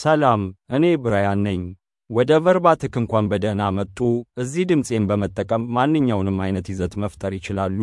ሰላም፣ እኔ ብራያን ነኝ። ወደ ትክ እንኳን በደህና መጡ። እዚህ ድምፄን በመጠቀም ማንኛውንም አይነት ይዘት መፍጠር ይችላሉ።